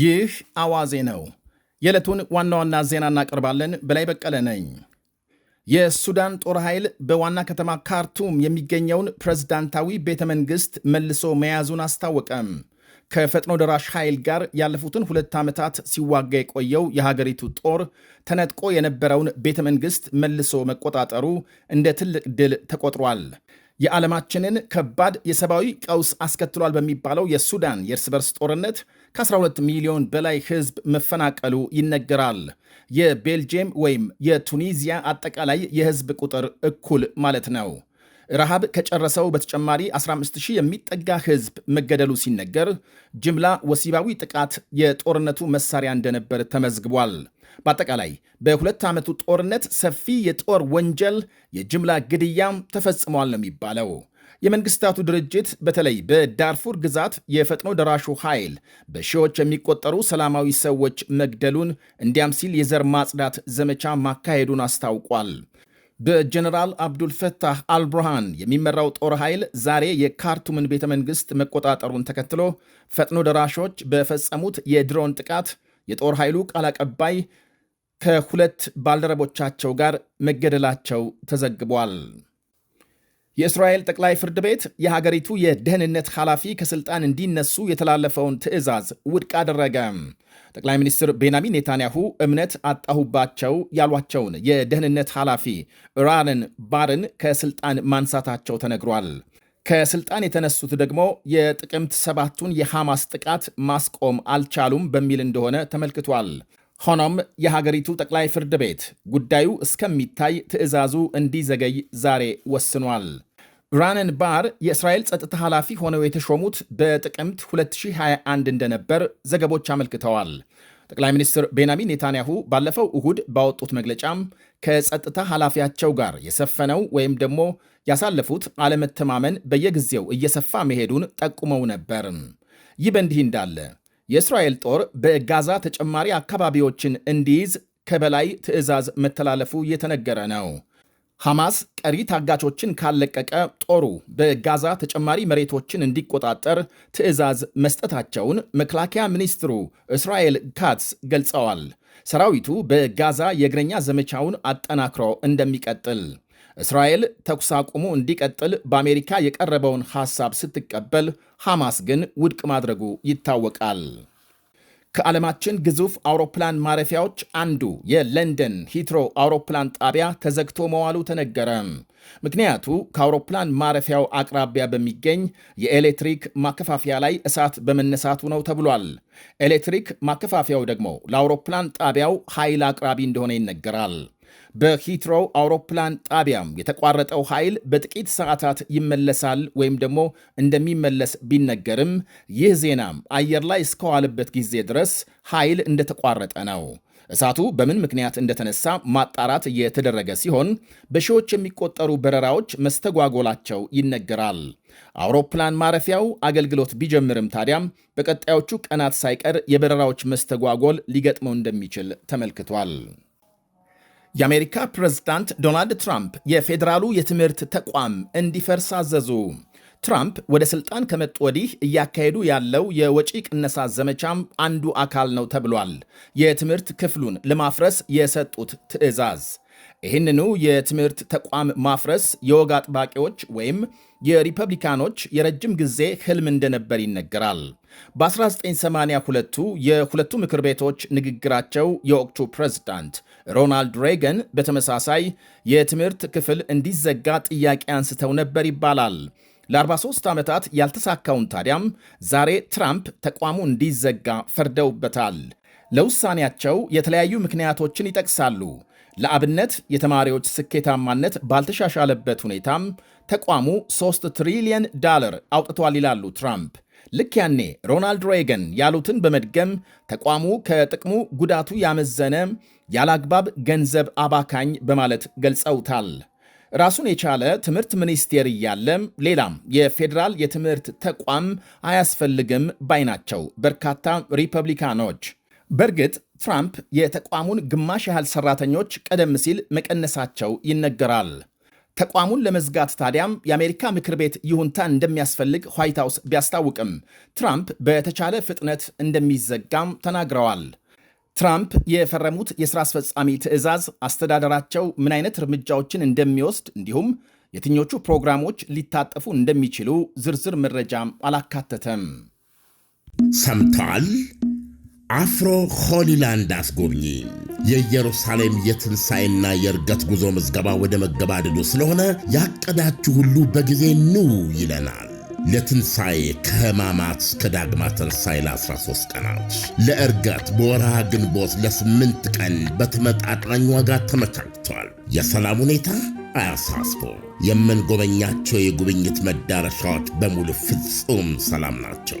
ይህ አዋዜ ነው። የዕለቱን ዋና ዋና ዜና እናቀርባለን። በላይ በቀለ ነኝ። የሱዳን ጦር ኃይል በዋና ከተማ ካርቱም የሚገኘውን ፕሬዝዳንታዊ ቤተ መንግሥት መልሶ መያዙን አስታወቀም። ከፈጥኖ ደራሽ ኃይል ጋር ያለፉትን ሁለት ዓመታት ሲዋጋ የቆየው የሀገሪቱ ጦር ተነጥቆ የነበረውን ቤተ መንግሥት መልሶ መቆጣጠሩ እንደ ትልቅ ድል ተቆጥሯል። የዓለማችንን ከባድ የሰብአዊ ቀውስ አስከትሏል በሚባለው የሱዳን የእርስ በርስ ጦርነት ከ12 ሚሊዮን በላይ ህዝብ መፈናቀሉ ይነገራል። የቤልጅየም ወይም የቱኒዚያ አጠቃላይ የህዝብ ቁጥር እኩል ማለት ነው። ረሃብ ከጨረሰው በተጨማሪ 15000 የሚጠጋ ህዝብ መገደሉ ሲነገር ጅምላ ወሲባዊ ጥቃት የጦርነቱ መሳሪያ እንደነበር ተመዝግቧል። በአጠቃላይ በሁለት ዓመቱ ጦርነት ሰፊ የጦር ወንጀል የጅምላ ግድያም ተፈጽሟል ነው የሚባለው። የመንግስታቱ ድርጅት በተለይ በዳርፉር ግዛት የፈጥኖ ደራሹ ኃይል በሺዎች የሚቆጠሩ ሰላማዊ ሰዎች መግደሉን እንዲያም ሲል የዘር ማጽዳት ዘመቻ ማካሄዱን አስታውቋል። በጀነራል አብዱልፈታህ አልብርሃን የሚመራው ጦር ኃይል ዛሬ የካርቱምን ቤተ መንግሥት መቆጣጠሩን ተከትሎ ፈጥኖ ደራሾች በፈጸሙት የድሮን ጥቃት የጦር ኃይሉ ቃል አቀባይ ከሁለት ባልደረቦቻቸው ጋር መገደላቸው ተዘግቧል። የእስራኤል ጠቅላይ ፍርድ ቤት የሀገሪቱ የደህንነት ኃላፊ ከስልጣን እንዲነሱ የተላለፈውን ትዕዛዝ ውድቅ አደረገ። ጠቅላይ ሚኒስትር ቤንያሚን ኔታንያሁ እምነት አጣሁባቸው ያሏቸውን የደህንነት ኃላፊ ራንን ባርን ከስልጣን ማንሳታቸው ተነግሯል። ከስልጣን የተነሱት ደግሞ የጥቅምት ሰባቱን የሐማስ ጥቃት ማስቆም አልቻሉም በሚል እንደሆነ ተመልክቷል። ሆኖም የሀገሪቱ ጠቅላይ ፍርድ ቤት ጉዳዩ እስከሚታይ ትዕዛዙ እንዲዘገይ ዛሬ ወስኗል። ራነን ባር የእስራኤል ጸጥታ ኃላፊ ሆነው የተሾሙት በጥቅምት 2021 እንደነበር ዘገቦች አመልክተዋል። ጠቅላይ ሚኒስትር ቤንያሚን ኔታንያሁ ባለፈው እሁድ ባወጡት መግለጫም ከጸጥታ ኃላፊያቸው ጋር የሰፈነው ወይም ደግሞ ያሳለፉት አለመተማመን በየጊዜው እየሰፋ መሄዱን ጠቁመው ነበር። ይህ በእንዲህ እንዳለ የእስራኤል ጦር በጋዛ ተጨማሪ አካባቢዎችን እንዲይዝ ከበላይ ትዕዛዝ መተላለፉ የተነገረ ነው። ሐማስ ቀሪ ታጋቾችን ካለቀቀ ጦሩ በጋዛ ተጨማሪ መሬቶችን እንዲቆጣጠር ትዕዛዝ መስጠታቸውን መከላከያ ሚኒስትሩ እስራኤል ካትስ ገልጸዋል። ሰራዊቱ በጋዛ የእግረኛ ዘመቻውን አጠናክሮ እንደሚቀጥል እስራኤል ተኩስ አቁሙ እንዲቀጥል በአሜሪካ የቀረበውን ሐሳብ ስትቀበል ሐማስ ግን ውድቅ ማድረጉ ይታወቃል። ከዓለማችን ግዙፍ አውሮፕላን ማረፊያዎች አንዱ የለንደን ሂትሮ አውሮፕላን ጣቢያ ተዘግቶ መዋሉ ተነገረ። ምክንያቱ ከአውሮፕላን ማረፊያው አቅራቢያ በሚገኝ የኤሌክትሪክ ማከፋፈያ ላይ እሳት በመነሳቱ ነው ተብሏል። ኤሌክትሪክ ማከፋፊያው ደግሞ ለአውሮፕላን ጣቢያው ኃይል አቅራቢ እንደሆነ ይነገራል። በሂትሮ አውሮፕላን ጣቢያም የተቋረጠው ኃይል በጥቂት ሰዓታት ይመለሳል ወይም ደግሞ እንደሚመለስ ቢነገርም ይህ ዜናም አየር ላይ እስከዋለበት ጊዜ ድረስ ኃይል እንደተቋረጠ ነው። እሳቱ በምን ምክንያት እንደተነሳ ማጣራት እየተደረገ ሲሆን በሺዎች የሚቆጠሩ በረራዎች መስተጓጎላቸው ይነገራል። አውሮፕላን ማረፊያው አገልግሎት ቢጀምርም ታዲያም በቀጣዮቹ ቀናት ሳይቀር የበረራዎች መስተጓጎል ሊገጥመው እንደሚችል ተመልክቷል። የአሜሪካ ፕሬዝዳንት ዶናልድ ትራምፕ የፌዴራሉ የትምህርት ተቋም እንዲፈርስ አዘዙ። ትራምፕ ወደ ስልጣን ከመጡ ወዲህ እያካሄዱ ያለው የወጪ ቅነሳ ዘመቻም አንዱ አካል ነው ተብሏል። የትምህርት ክፍሉን ለማፍረስ የሰጡት ትዕዛዝ ይህንኑ የትምህርት ተቋም ማፍረስ የወግ አጥባቂዎች ወይም የሪፐብሊካኖች የረጅም ጊዜ ህልም እንደነበር ይነገራል። በ1982ቱ የሁለቱ ምክር ቤቶች ንግግራቸው የወቅቱ ፕሬዝዳንት ሮናልድ ሬገን በተመሳሳይ የትምህርት ክፍል እንዲዘጋ ጥያቄ አንስተው ነበር ይባላል። ለ43 ዓመታት ያልተሳካውን ታዲያም ዛሬ ትራምፕ ተቋሙ እንዲዘጋ ፈርደውበታል። ለውሳኔያቸው የተለያዩ ምክንያቶችን ይጠቅሳሉ። ለአብነት የተማሪዎች ስኬታማነት ባልተሻሻለበት ሁኔታም ተቋሙ 3 ትሪሊየን ዳለር አውጥቷል ይላሉ ትራምፕ። ልክ ያኔ ሮናልድ ሬገን ያሉትን በመድገም ተቋሙ ከጥቅሙ ጉዳቱ ያመዘነ ያለ አግባብ ገንዘብ አባካኝ በማለት ገልጸውታል። ራሱን የቻለ ትምህርት ሚኒስቴር እያለ ሌላም የፌዴራል የትምህርት ተቋም አያስፈልግም ባይ ናቸው በርካታ ሪፐብሊካኖች። በእርግጥ ትራምፕ የተቋሙን ግማሽ ያህል ሰራተኞች ቀደም ሲል መቀነሳቸው ይነገራል። ተቋሙን ለመዝጋት ታዲያም የአሜሪካ ምክር ቤት ይሁንታ እንደሚያስፈልግ ዋይት ሀውስ ቢያስታውቅም ትራምፕ በተቻለ ፍጥነት እንደሚዘጋም ተናግረዋል። ትራምፕ የፈረሙት የስራ አስፈጻሚ ትዕዛዝ አስተዳደራቸው ምን አይነት እርምጃዎችን እንደሚወስድ እንዲሁም የትኞቹ ፕሮግራሞች ሊታጠፉ እንደሚችሉ ዝርዝር መረጃም አላካተተም። ሰምተዋል? አፍሮ ሆሊላንድ አስጎብኚ የኢየሩሳሌም የትንሣኤና የእርገት ጉዞ ምዝገባ ወደ መገባደዱ ስለሆነ ያቀዳችሁ ሁሉ በጊዜ ኑ ይለናል። ለትንሣኤ ከህማማት እስከ ዳግማ ትንሣኤ ለ13 ቀናት ለእርጋት በወርሃ ግንቦት ለስምንት ቀን በተመጣጣኝ ዋጋ ተመቻችቷል። የሰላም ሁኔታ አያሳስቦ የምንጎበኛቸው የጉብኝት መዳረሻዎች በሙሉ ፍጹም ሰላም ናቸው።